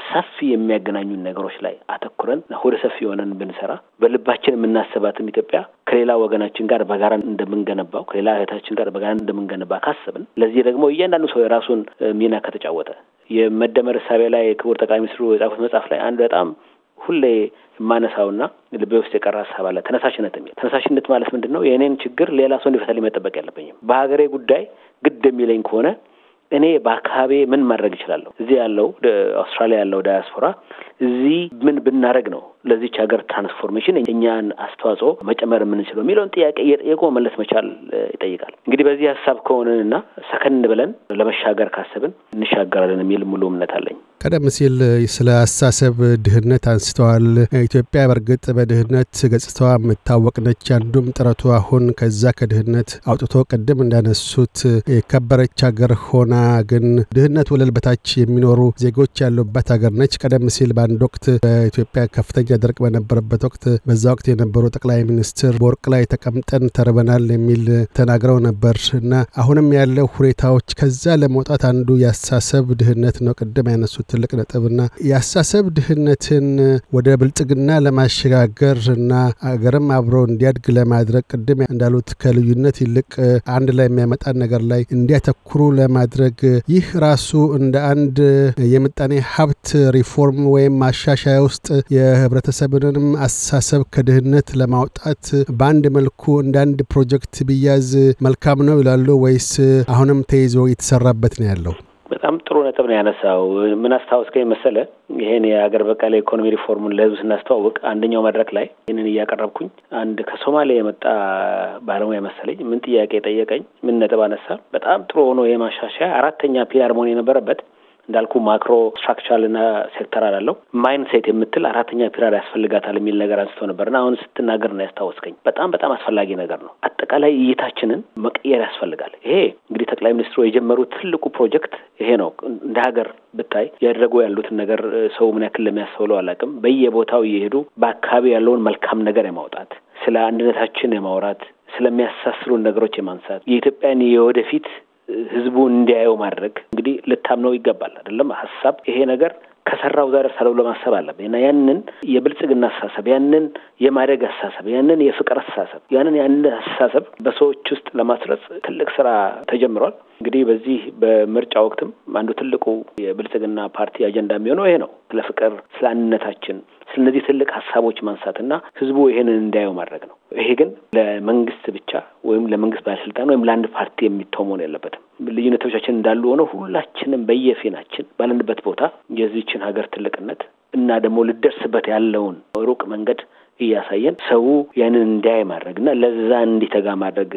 ሰፊ የሚያገናኙን ነገሮች ላይ አተኩረን ወደ ሰፊ የሆነን ብንሰራ በልባችን የምናስባትም ኢትዮጵያ ከሌላ ወገናችን ጋር በጋራ እንደምንገነባው ከሌላ እህታችን ጋር በጋራ እንደምንገነባ ካሰብን፣ ለዚህ ደግሞ እያንዳንዱ ሰው የራሱን ሚና ከተጫወተ የመደመር እሳቤ ላይ ክቡር ጠቅላይ ሚኒስትሩ የጻፉት መጽሐፍ ላይ አንድ በጣም ሁሌ የማነሳውና ልቤ ውስጥ የቀረ ሀሳብ አለ። ተነሳሽነት የሚል ተነሳሽነት ማለት ምንድን ነው? የእኔን ችግር ሌላ ሰው እንዲፈታ መጠበቅ ያለብኝም በሀገሬ ጉዳይ ግድ የሚለኝ ከሆነ እኔ በአካባቢ ምን ማድረግ እችላለሁ? እዚህ ያለው አውስትራሊያ ያለው ዳያስፖራ እዚህ ምን ብናደረግ ነው ለዚች ሀገር ትራንስፎርሜሽን እኛን አስተዋጽኦ መጨመር የምንችለው የሚለውን ጥያቄ እየጠየቁ መመለስ መቻል ይጠይቃል። እንግዲህ በዚህ ሀሳብ ከሆንንና ሰከን ብለን ለመሻገር ካሰብን እንሻገራለን የሚል ሙሉ እምነት አለኝ። ቀደም ሲል ስለ አስተሳሰብ ድህነት አንስተዋል። ኢትዮጵያ በእርግጥ በድህነት ገጽታዋ የምታወቅ ነች። አንዱም ጥረቱ አሁን ከዛ ከድህነት አውጥቶ ቅድም እንዳነሱት የከበረች ሀገር ሆና ግን ድህነት ወለል በታች የሚኖሩ ዜጎች ያሉባት ሀገር ነች። ቀደም ሲል በአንድ ወቅት በኢትዮጵያ ከፍተኛ ደርቅ በነበረበት ወቅት በዛ ወቅት የነበሩ ጠቅላይ ሚኒስትር በወርቅ ላይ ተቀምጠን ተርበናል የሚል ተናግረው ነበር እና አሁንም ያለው ሁኔታዎች ከዛ ለመውጣት አንዱ የአስተሳሰብ ድህነት ነው። ቅድም ያነሱት ትልቅ ነጥብና የአስተሳሰብ ድህነትን ወደ ብልጽግና ለማሸጋገር እና አገርም አብሮ እንዲያድግ ለማድረግ ቅድም እንዳሉት ከልዩነት ይልቅ አንድ ላይ የሚያመጣን ነገር ላይ እንዲያተኩሩ ለማድረግ ይህ ራሱ እንደ አንድ የምጣኔ ሀብት ሪፎርም ወይም ማሻሻያ ውስጥ የህብረ የህብረተሰብንም አስተሳሰብ ከድህነት ለማውጣት በአንድ መልኩ እንደ አንድ ፕሮጀክት ቢያዝ መልካም ነው ይላሉ ወይስ አሁንም ተይዞ የተሰራበት ነው ያለው? በጣም ጥሩ ነጥብ ነው ያነሳው። ምን አስታወስከኝ መሰለ ይሄን የሀገር በቀል ኢኮኖሚ ሪፎርሙን ለህዝብ ስናስተዋውቅ አንደኛው መድረክ ላይ ይህንን እያቀረብኩኝ አንድ ከሶማሌ የመጣ ባለሙያ መሰለኝ ምን ጥያቄ ጠየቀኝ። ምን ነጥብ አነሳ። በጣም ጥሩ ሆኖ ይሄ ማሻሻያ አራተኛ ፒላር መሆን የነበረበት እንዳልኩ ማክሮ ስትራክቸራልና ሴክተራል አለው ማይንድ ሴት የምትል አራተኛ ፒራር ያስፈልጋታል የሚል ነገር አንስቶ ነበር እና አሁን ስትናገር ነው ያስታወስከኝ። በጣም በጣም አስፈላጊ ነገር ነው። አጠቃላይ እይታችንን መቀየር ያስፈልጋል። ይሄ እንግዲህ ጠቅላይ ሚኒስትሩ የጀመሩት ትልቁ ፕሮጀክት ይሄ ነው። እንደ ሀገር ብታይ ያደረጉ ያሉትን ነገር ሰው ምን ያክል ለሚያስተውለው አላውቅም። በየቦታው እየሄዱ በአካባቢ ያለውን መልካም ነገር የማውጣት ስለ አንድነታችን የማውራት ስለሚያሳስሩን ነገሮች የማንሳት የኢትዮጵያን የወደፊት ህዝቡ እንዲያየው ማድረግ እንግዲህ ልታምነው ይገባል። አይደለም ሀሳብ ይሄ ነገር ከሰራው ዛሬ ሰራው ለማሰብ አለብህ እና ያንን የብልጽግና አስተሳሰብ ያንን የማደግ አስተሳሰብ ያንን የፍቅር አስተሳሰብ ያንን ያንን አስተሳሰብ በሰዎች ውስጥ ለማስረጽ ትልቅ ስራ ተጀምሯል። እንግዲህ በዚህ በምርጫ ወቅትም አንዱ ትልቁ የብልጽግና ፓርቲ አጀንዳ የሚሆነው ይሄ ነው። ስለ ፍቅር፣ ስለ አንድነታችን ስለነዚህ ትልቅ ሀሳቦች ማንሳትና ህዝቡ ይሄንን እንዳየው ማድረግ ነው። ይሄ ግን ለመንግስት ብቻ ወይም ለመንግስት ባለስልጣን ወይም ለአንድ ፓርቲ የሚተው መሆን የለበትም። ልዩነቶቻችን እንዳሉ ሆነው ሁላችንም በየፊናችን ባለንበት ቦታ የዚችን ሀገር ትልቅነት እና ደግሞ ልደርስበት ያለውን ሩቅ መንገድ እያሳየን ሰው ያንን እንዲያይ ማድረግ እና ለዛ እንዲተጋ ማድረግ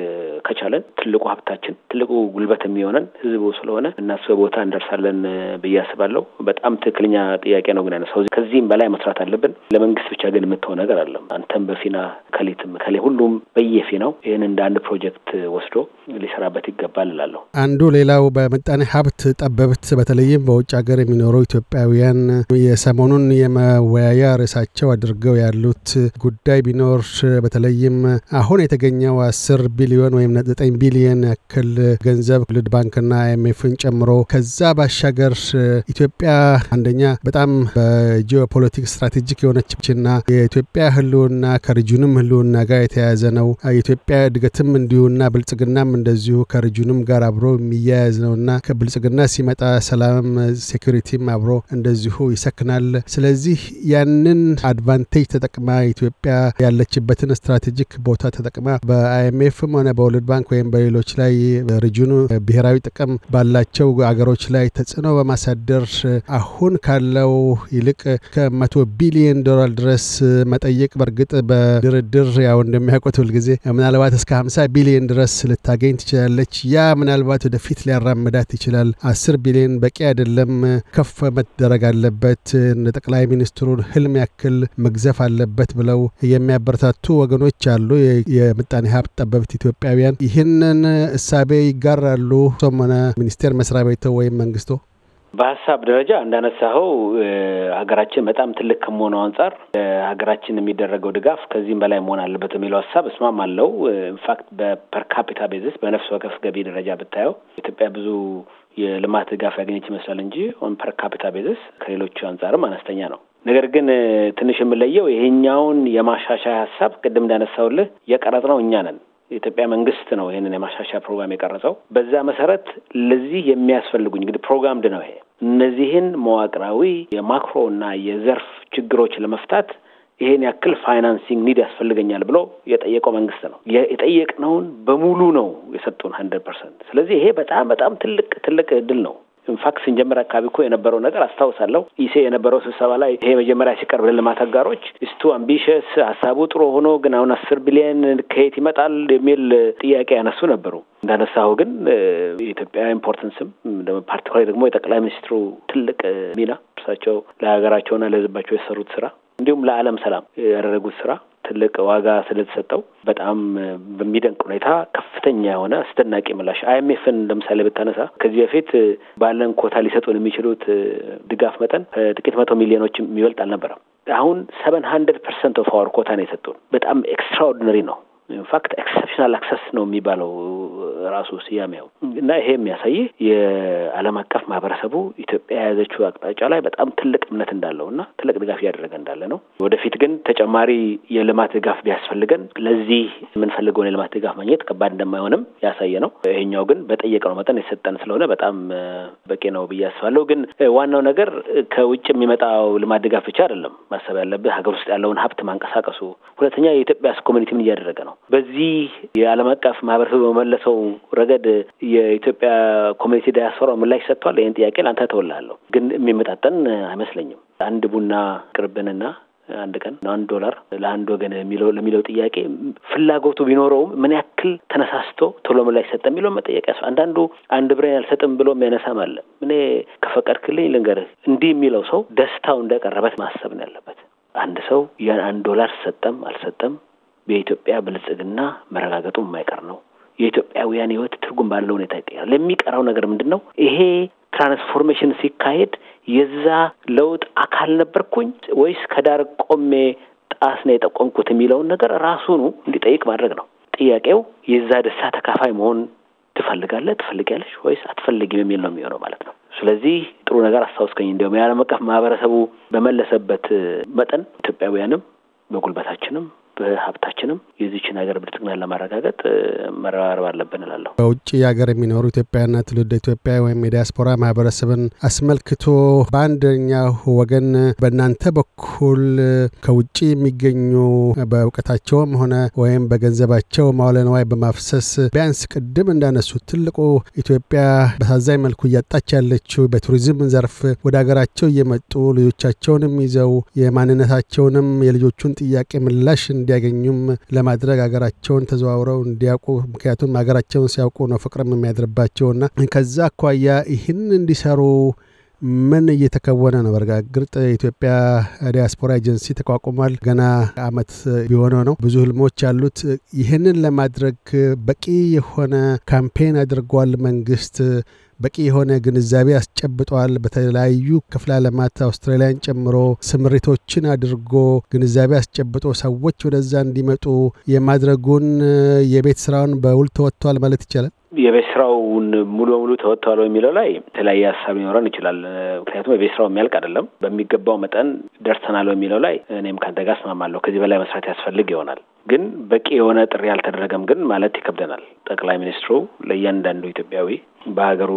ከቻለን ትልቁ ሀብታችን ትልቁ ጉልበት የሚሆነን ህዝቡ ስለሆነ እናሱ ቦታ እንደርሳለን ብዬ አስባለሁ። በጣም ትክክለኛ ጥያቄ ነው ግን ያነሳው። ከዚህም በላይ መስራት አለብን። ለመንግስት ብቻ ግን የምትሆን ነገር አለም። አንተም በፊና ከሌትም ከሌ ሁሉም በየፊናው ይህን እንደ አንድ ፕሮጀክት ወስዶ ሊሰራበት ይገባል እላለሁ። አንዱ ሌላው በምጣኔ ሀብት ጠበብት በተለይም በውጭ ሀገር የሚኖሩ ኢትዮጵያውያን የሰሞኑን የመወያያ ርዕሳቸው አድርገው ያሉት ጉዳይ ቢኖር በተለይም አሁን የተገኘው አስር ቢሊዮን ወይም ዘጠኝ ቢሊዮን ያክል ገንዘብ ልድ ባንክና ኤምኤፍን ጨምሮ ከዛ ባሻገር ኢትዮጵያ አንደኛ በጣም በጂኦፖለቲክ ስትራቴጂክ የሆነችና የኢትዮጵያ ህልውና ከሪጁንም ህልውና ጋር የተያያዘ ነው። የኢትዮጵያ እድገትም እንዲሁና ብልጽግናም እንደዚሁ ከርጁንም ጋር አብሮ የሚያያዝ ነውና ከብልጽግና ሲመጣ ሰላምም ሴኩሪቲም አብሮ እንደዚሁ ይሰክናል። ስለዚህ ያንን አድቫንቴጅ ተጠቅማ ኢትዮጵያ ያለችበትን ስትራቴጂክ ቦታ ተጠቅማ በአይኤምኤፍም ሆነ በወርልድ ባንክ ወይም በሌሎች ላይ ሪጅኑ ብሔራዊ ጥቅም ባላቸው አገሮች ላይ ተጽዕኖ በማሳደር አሁን ካለው ይልቅ ከመቶ ቢሊዮን ዶላር ድረስ መጠየቅ በእርግጥ በድርድር ያው እንደሚያውቁት ሁልጊዜ ምናልባት እስከ 50 ቢሊዮን ድረስ ልታገኝ ትችላለች። ያ ምናልባት ወደፊት ሊያራምዳት ይችላል። አስር ቢሊዮን በቂ አይደለም፣ ከፍ መደረግ አለበት። ጠቅላይ ሚኒስትሩን ህልም ያክል መግዘፍ አለበት ብለው ብለው የሚያበረታቱ ወገኖች አሉ። የምጣኔ ሀብት ጠበብት ኢትዮጵያውያን ይህንን እሳቤ ይጋራሉ። ሶመነ ሚኒስቴር መስሪያ ቤቶ ወይም መንግስቶ በሀሳብ ደረጃ እንዳነሳኸው ሀገራችን በጣም ትልቅ ከመሆኑ አንጻር ሀገራችን የሚደረገው ድጋፍ ከዚህም በላይ መሆን አለበት የሚለው ሀሳብ እስማማለሁ። ኢንፋክት በፐርካፒታ ቤዝስ በነፍስ ወከፍ ገቢ ደረጃ ብታየው ኢትዮጵያ ብዙ የልማት ድጋፍ ያገኘች ይመስላል እንጂ ኦን ፐርካፒታ ቤዝስ ከሌሎቹ አንጻርም አነስተኛ ነው። ነገር ግን ትንሽ የምለየው ይሄኛውን የማሻሻያ ሀሳብ ቅድም እንዳነሳውልህ የቀረጽ ነው እኛ ነን የኢትዮጵያ መንግስት ነው ይህንን የማሻሻያ ፕሮግራም የቀረጸው። በዛ መሰረት ለዚህ የሚያስፈልጉኝ እንግዲህ ፕሮግራም ድነው ይሄ እነዚህን መዋቅራዊ የማክሮ እና የዘርፍ ችግሮች ለመፍታት ይሄን ያክል ፋይናንሲንግ ኒድ ያስፈልገኛል ብሎ የጠየቀው መንግስት ነው። የጠየቅነውን በሙሉ ነው የሰጡን ሀንድረድ ፐርሰንት። ስለዚህ ይሄ በጣም በጣም ትልቅ ትልቅ እድል ነው። ኢንፋክት ስንጀምር አካባቢ እኮ የነበረው ነገር አስታውሳለሁ። ኢሴ የነበረው ስብሰባ ላይ ይሄ መጀመሪያ ሲቀርብ ለልማት አጋሮች ስቱ አምቢሽስ ሀሳቡ ጥሩ ሆኖ ግን አሁን አስር ቢሊየን ከየት ይመጣል የሚል ጥያቄ ያነሱ ነበሩ። እንዳነሳሁ ግን የኢትዮጵያ ኢምፖርተንስም ፓርቲኩላሪ ደግሞ የጠቅላይ ሚኒስትሩ ትልቅ ሚና እርሳቸው ለሀገራቸውና ለሕዝባቸው የሰሩት ስራ እንዲሁም ለዓለም ሰላም ያደረጉት ስራ ትልቅ ዋጋ ስለተሰጠው በጣም በሚደንቅ ሁኔታ ከፍተኛ የሆነ አስደናቂ ምላሽ አይኤምኤፍን ለምሳሌ ብታነሳ ከዚህ በፊት ባለን ኮታ ሊሰጡን የሚችሉት ድጋፍ መጠን ጥቂት መቶ ሚሊዮኖች የሚበልጥ አልነበረም። አሁን ሰቨን ሀንድረድ ፐርሰንት ኦፍ አወር ኮታ ነው የሰጡን። በጣም ኤክስትራኦርዲነሪ ነው። ኢንፋክት ኤክሰፕሽናል አክሰስ ነው የሚባለው ራሱ ስያሜው እና ይሄ የሚያሳይ የዓለም አቀፍ ማህበረሰቡ ኢትዮጵያ የያዘችው አቅጣጫ ላይ በጣም ትልቅ እምነት እንዳለው እና ትልቅ ድጋፍ እያደረገ እንዳለ ነው። ወደፊት ግን ተጨማሪ የልማት ድጋፍ ቢያስፈልገን ለዚህ የምንፈልገውን የልማት ድጋፍ ማግኘት ከባድ እንደማይሆንም ያሳየ ነው። ይሄኛው ግን በጠየቅነው መጠን የተሰጠን ስለሆነ በጣም በቂ ነው ብዬ አስባለሁ። ግን ዋናው ነገር ከውጭ የሚመጣው ልማት ድጋፍ ብቻ አይደለም ማሰብ ያለብህ ሀገር ውስጥ ያለውን ሀብት ማንቀሳቀሱ፣ ሁለተኛ የኢትዮጵያስ ኮሚኒቲ ምን እያደረገ ነው በዚህ የዓለም አቀፍ ማህበረሰብ በመለሰው ረገድ የኢትዮጵያ ኮሚኒቲ ዳያስፖራ ምላሽ ሰጥቷል። ይህን ጥያቄ ለአንተ ተወላለሁ፣ ግን የሚመጣጠን አይመስለኝም። አንድ ቡና ቅርብንና አንድ ቀን አንድ ዶላር ለአንድ ወገን ለሚለው ጥያቄ ፍላጎቱ ቢኖረውም ምን ያክል ተነሳስቶ ቶሎ ምላሽ ሰጠ የሚለው መጠየቅ ያስ አንዳንዱ አንድ ብሬን አልሰጥም ብሎ የሚያነሳም አለ። እኔ ከፈቀድክልኝ ልንገርህ፣ እንዲህ የሚለው ሰው ደስታው እንደቀረበት ማሰብ ነው ያለበት። አንድ ሰው ያን አንድ ዶላር ሰጠም አልሰጠም የኢትዮጵያ ብልጽግና መረጋገጡ የማይቀር ነው። የኢትዮጵያውያን ህይወት ትርጉም ባለው ሁኔታ ይቀያል። የሚቀረው ነገር ምንድን ነው? ይሄ ትራንስፎርሜሽን ሲካሄድ የዛ ለውጥ አካል ነበርኩኝ ወይስ ከዳር ቆሜ ጣስ ነው የጠቆምኩት የሚለውን ነገር ራሱኑ እንዲጠይቅ ማድረግ ነው። ጥያቄው የዛ ደስታ ተካፋይ መሆን ትፈልጋለህ፣ ትፈልጊያለሽ ወይስ አትፈልጊም የሚል ነው የሚሆነው ማለት ነው። ስለዚህ ጥሩ ነገር አስታውስከኝ። እንዲሁም የዓለም አቀፍ ማህበረሰቡ በመለሰበት መጠን ኢትዮጵያውያንም በጉልበታችንም በሀብታችንም የዚችን ሀገር ብልጽግና ለማረጋገጥ መረባረብ አለብን እላለሁ። በውጭ ሀገር የሚኖሩ ኢትዮጵያና ትውልደ ኢትዮጵያ ወይም የዲያስፖራ ማህበረሰብን አስመልክቶ በአንደኛው ወገን በእናንተ በኩል ከውጭ የሚገኙ በእውቀታቸውም ሆነ ወይም በገንዘባቸው ማዋለ ንዋይ በማፍሰስ ቢያንስ ቅድም እንዳነሱት ትልቁ ኢትዮጵያ በሳዛኝ መልኩ እያጣች ያለችው በቱሪዝም ዘርፍ ወደ ሀገራቸው እየመጡ ልጆቻቸውንም ይዘው የማንነታቸውንም የልጆቹን ጥያቄ ምላሽ እንዲ እንዲያገኙም ለማድረግ ሀገራቸውን ተዘዋውረው እንዲያውቁ፣ ምክንያቱም ሀገራቸውን ሲያውቁ ነው ፍቅርም የሚያድርባቸውና ከዛ አኳያ ይህን እንዲሰሩ ምን እየተከወነ ነው? በእርግጥ የኢትዮጵያ ዲያስፖራ ኤጀንሲ ተቋቁሟል። ገና አመት ቢሆነው ነው። ብዙ ህልሞች አሉት። ይህንን ለማድረግ በቂ የሆነ ካምፔን አድርጓል መንግስት በቂ የሆነ ግንዛቤ አስጨብጧል። በተለያዩ ክፍለ ዓለማት አውስትራሊያን ጨምሮ ስምሪቶችን አድርጎ ግንዛቤ አስጨብጦ ሰዎች ወደዛ እንዲመጡ የማድረጉን የቤት ስራውን በውል ተወጥቷል ማለት ይቻላል። የቤት ስራውን ሙሉ በሙሉ ተወጥተዋል የሚለው ላይ የተለያየ ሀሳብ ሊኖረን ይችላል። ምክንያቱም የቤት ስራው የሚያልቅ አይደለም። በሚገባው መጠን ደርሰናል የሚለው ላይ እኔም ከአንተ ጋር እስማማለሁ። ከዚህ በላይ መስራት ያስፈልግ ይሆናል። ግን በቂ የሆነ ጥሪ አልተደረገም ግን ማለት ይከብደናል። ጠቅላይ ሚኒስትሩ ለእያንዳንዱ ኢትዮጵያዊ በሀገሩ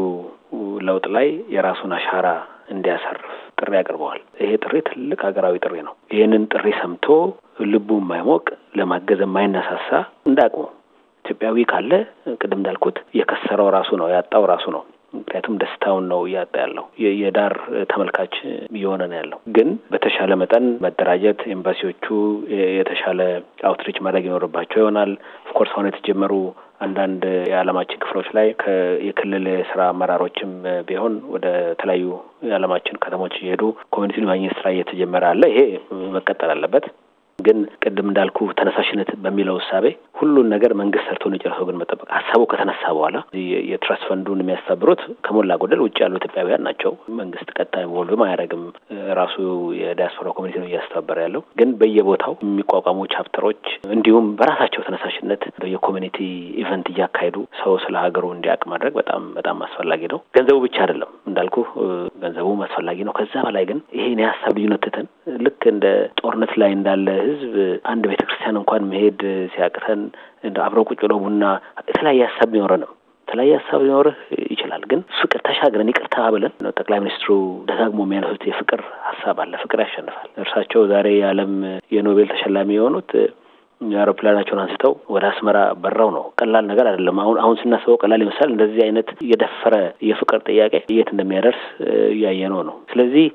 ለውጥ ላይ የራሱን አሻራ እንዲያሳርፍ ጥሪ ያቀርበዋል። ይሄ ጥሪ ትልቅ ሀገራዊ ጥሪ ነው። ይህንን ጥሪ ሰምቶ ልቡ የማይሞቅ ለማገዝ የማይነሳሳ እንዳቅሙ ኢትዮጵያዊ ካለ ቅድም እንዳልኩት የከሰረው ራሱ ነው፣ ያጣው ራሱ ነው። ምክንያቱም ደስታውን ነው እያጣ ያለው የዳር ተመልካች እየሆነ ነው ያለው። ግን በተሻለ መጠን መደራጀት፣ ኤምባሲዎቹ የተሻለ አውትሪች ማድረግ ይኖርባቸው ይሆናል። ኦፍኮርስ አሁን የተጀመሩ አንዳንድ የዓለማችን ክፍሎች ላይ የክልል የስራ አመራሮችም ቢሆን ወደ ተለያዩ የዓለማችን ከተሞች እየሄዱ ኮሚኒቲን ማግኘት ስራ እየተጀመረ አለ። ይሄ መቀጠል አለበት። ግን ቅድም እንዳልኩ ተነሳሽነት በሚለው እሳቤ ሁሉን ነገር መንግስት ሰርቶ እንዲጨርሰው ግን መጠበቅ ሀሳቡ ከተነሳ በኋላ የትረስት ፈንዱን የሚያስተባብሩት ከሞላ ጎደል ውጭ ያሉ ኢትዮጵያውያን ናቸው። መንግስት ቀጥታ ኢንቮልቭም አያደርግም። ራሱ የዲያስፖራ ኮሚኒቲ ነው እያስተባበረ ያለው። ግን በየቦታው የሚቋቋሙ ቻፕተሮች እንዲሁም በራሳቸው ተነሳሽነት የኮሚኒቲ ኢቨንት እያካሄዱ ሰው ስለ ሀገሩ እንዲያውቅ ማድረግ በጣም በጣም አስፈላጊ ነው። ገንዘቡ ብቻ አይደለም እንዳልኩ ገንዘቡም አስፈላጊ ነው። ከዛ በላይ ግን ይሄን የሀሳብ ልዩነት ትተን ልክ እንደ ጦርነት ላይ እንዳለ ህዝብ አንድ ቤተክርስቲያን እንኳን መሄድ ሲያቅተን አብረው ቁጭ ብለው ቡና የተለያየ ሀሳብ ቢኖረንም የተለያየ ሀሳብ ሊኖርህ ይችላል። ግን ፍቅር ተሻግረን ይቅርታ ብለን ጠቅላይ ሚኒስትሩ ደጋግሞ የሚያነሱት የፍቅር ሀሳብ አለ። ፍቅር ያሸንፋል። እርሳቸው ዛሬ የዓለም የኖቤል ተሸላሚ የሆኑት አሮፕላናቸውን አንስተው ወደ አስመራ በረው ነው። ቀላል ነገር አይደለም። አሁን አሁን ስናስበው ቀላል ይመስላል። እንደዚህ አይነት የደፈረ የፍቅር ጥያቄ የት እንደሚያደርስ እያየነው ነው። ስለዚህ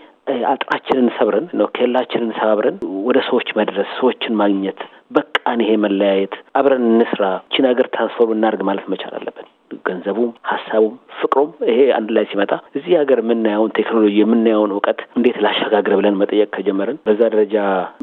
አጥራችንን ሰብረን ነው ኬላችንን ሰባብረን ወደ ሰዎች መድረስ፣ ሰዎችን ማግኘት አጣን ይሄ መለያየት፣ አብረን እንስራ፣ ይህችን ሀገር ትራንስፎርም እናድርግ ማለት መቻል አለብን። ገንዘቡም፣ ሀሳቡም፣ ፍቅሩም ይሄ አንድ ላይ ሲመጣ እዚህ ሀገር የምናየውን ቴክኖሎጂ የምናየውን እውቀት እንዴት ላሸጋግር ብለን መጠየቅ ከጀመርን በዛ ደረጃ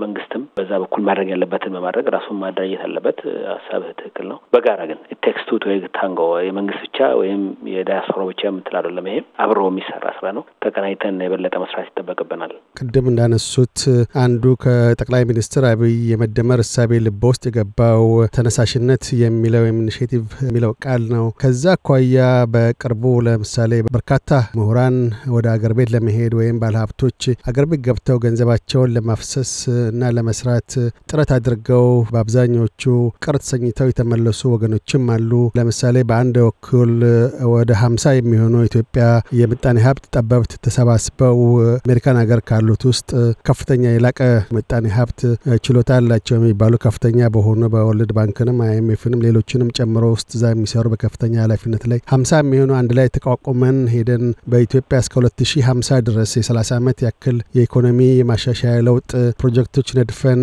መንግስትም በዛ በኩል ማድረግ ያለበትን በማድረግ ራሱን ማደራጀት አለበት። ሀሳብህ ትክክል ነው። በጋራ ግን ቴክስቱ ወይ ታንጎ የመንግስት ብቻ ወይም የዳያስፖራ ብቻ የምትል አይደለም። ይሄ አብሮ የሚሰራ ስራ ነው። ተቀናይተን የበለጠ መስራት ይጠበቅብናል። ቅድም እንዳነሱት አንዱ ከጠቅላይ ሚኒስትር አብይ የመደመር እሳቤ ልቦ ውስጥ የገባው ተነሳሽነት የሚለው ኢኒሽቲቭ የሚለው ቃል ነው። ከዛ አኳያ በቅርቡ ለምሳሌ በርካታ ምሁራን ወደ አገር ቤት ለመሄድ ወይም ባለሀብቶች አገር ቤት ገብተው ገንዘባቸውን ለማፍሰስ እና ለመስራት ጥረት አድርገው በአብዛኞቹ ቅር ተሰኝተው የተመለሱ ወገኖችም አሉ። ለምሳሌ በአንድ በኩል ወደ ሀምሳ የሚሆኑ ኢትዮጵያ የምጣኔ ሀብት ጠበብት ተሰባስበው አሜሪካን ሀገር ካሉት ውስጥ ከፍተኛ የላቀ ምጣኔ ሀብት ችሎታ አላቸው የሚባሉ ከፍተኛ በሆኑ በወርልድ ባንክንም አይኤምኤፍንም ሌሎችንም ጨምሮ ውስጥ እዛ የሚሰሩ በከፍተኛ ኃላፊነት ላይ 50 የሚሆኑ አንድ ላይ ተቋቁመን ሄደን በኢትዮጵያ እስከ 2050 ድረስ የ30 ዓመት ያክል የኢኮኖሚ የማሻሻያ ለውጥ ፕሮጀክቶች ነድፈን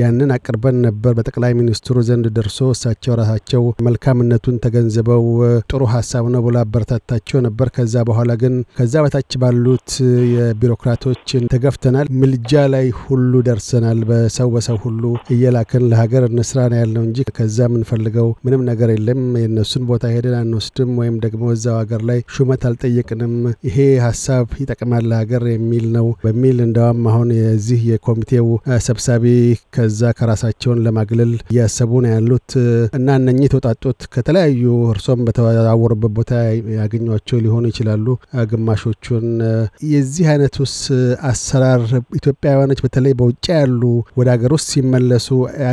ያንን አቅርበን ነበር። በጠቅላይ ሚኒስትሩ ዘንድ ደርሶ እሳቸው ራሳቸው መልካምነቱን ተገንዝበው ጥሩ ሀሳብ ነው ብሎ አበረታታቸው ነበር። ከዛ በኋላ ግን ከዛ በታች ባሉት የቢሮክራቶችን ተገፍተናል። ምልጃ ላይ ሁሉ ደርሰናል። በሰው በሰው ሁሉ እየላክን ለሀገር እንስራ ነው ያለው እንጂ ከዛ የምንፈልገው ምንም ነገር የለም። የእነሱን ቦታ ሄደን አንወስድም ወይም ደግሞ እዛው ሀገር ላይ ሹመት አልጠየቅንም፣ ይሄ ሀሳብ ይጠቅማል ሀገር የሚል ነው በሚል እንደውም አሁን የዚህ የኮሚቴው ሰብሳቢ ከዛ ከራሳቸውን ለማግለል እያሰቡ ነው ያሉት እና እነኚህ ተወጣጡት ከተለያዩ እርሶም በተዋወሩበት ቦታ ያገኟቸው ሊሆኑ ይችላሉ ግማሾቹን። የዚህ አይነቱስ አሰራር ኢትዮጵያውያኖች በተለይ በውጭ ያሉ ወደ ሀገር ውስጥ ሲመለሱ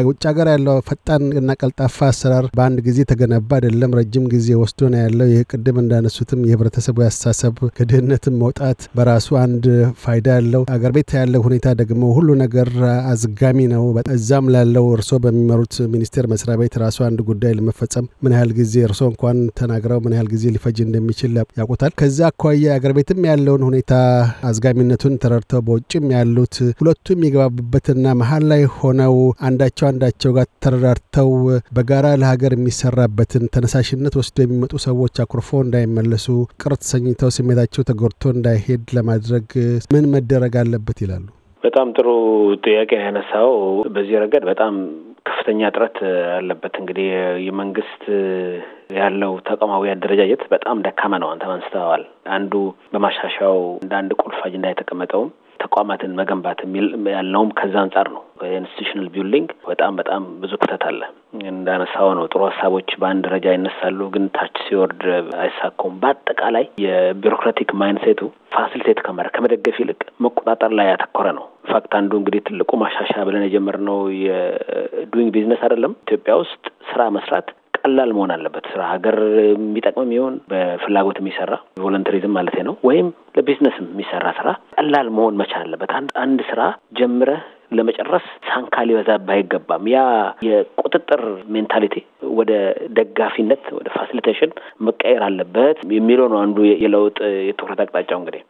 ውጭ ሀገር ያለው ፈጣን እና ቀልጣፋ አሰራር በአንድ ጊዜ ተገነባ አይደለም፣ ረጅም ጊዜ ወስዶ ነው ያለው። ይህ ቅድም እንዳነሱትም የህብረተሰቡ ያስተሳሰብ ከድህነትም መውጣት በራሱ አንድ ፋይዳ ያለው፣ አገር ቤት ያለው ሁኔታ ደግሞ ሁሉ ነገር አዝጋሚ ነው። በጠዛም ላለው እርሶ በሚመሩት ሚኒስቴር መስሪያ ቤት ራሱ አንድ ጉዳይ ለመፈጸም ምን ያህል ጊዜ እርስዎ እንኳን ተናግረው ምን ያህል ጊዜ ሊፈጅ እንደሚችል ያውቁታል። ከዛ አኳያ አገር ቤትም ያለውን ሁኔታ አዝጋሚነቱን ተረድተው በውጭም ያሉት ሁለቱም የሚገባቡበትና መሀል ላይ ሆነው አንዳቸው አንዳቸው ጋር ተረዳርተው በጋራ ለሀገር የሚሰራበትን ተነሳሽነት ወስዶ የሚመጡ ሰዎች አኩርፎ እንዳይመለሱ ቅር ተሰኝተው ስሜታቸው ተጎድቶ እንዳይሄድ ለማድረግ ምን መደረግ አለበት ይላሉ? በጣም ጥሩ ጥያቄ ያነሳው። በዚህ ረገድ በጣም ከፍተኛ ጥረት አለበት። እንግዲህ የመንግስት ያለው ተቋማዊ አደረጃጀት በጣም ደካማ ነው። አንተ አንስተዋል። አንዱ በማሻሻያው እንደ አንድ ቁልፍ አጀንዳ የተቀመጠውም ተቋማትን መገንባት የሚል ያለውም ከዛ አንጻር ነው። ኢንስቲቱሽናል ቢልዲንግ በጣም በጣም ብዙ ክተት አለ። እንዳነሳው ነው ጥሩ ሀሳቦች በአንድ ደረጃ ይነሳሉ፣ ግን ታች ሲወርድ አይሳካውም። በአጠቃላይ የቢሮክራቲክ ማይንሴቱ ፋሲሊቴት ከመረ ከመደገፍ ይልቅ መቆጣጠር ላይ ያተኮረ ነው። ኢንፋክት አንዱ እንግዲህ ትልቁ ማሻሻያ ብለን የጀመርነው የዱዊንግ ቢዝነስ አይደለም። ኢትዮጵያ ውስጥ ስራ መስራት ቀላል መሆን አለበት። ስራ ሀገር የሚጠቅምም የሚሆን በፍላጎት የሚሰራ ቮለንተሪዝም ማለት ነው፣ ወይም ለቢዝነስ የሚሰራ ስራ ቀላል መሆን መቻል አለበት። አንድ ስራ ጀምረህ ለመጨረስ ሳንካ ሊበዛብህ አይገባም። ያ የቁጥጥር ሜንታሊቲ ወደ ደጋፊነት ወደ ፋሲሊቴሽን መቀየር አለበት የሚለው ነው አንዱ የለውጥ የትኩረት አቅጣጫው። እንግዲህ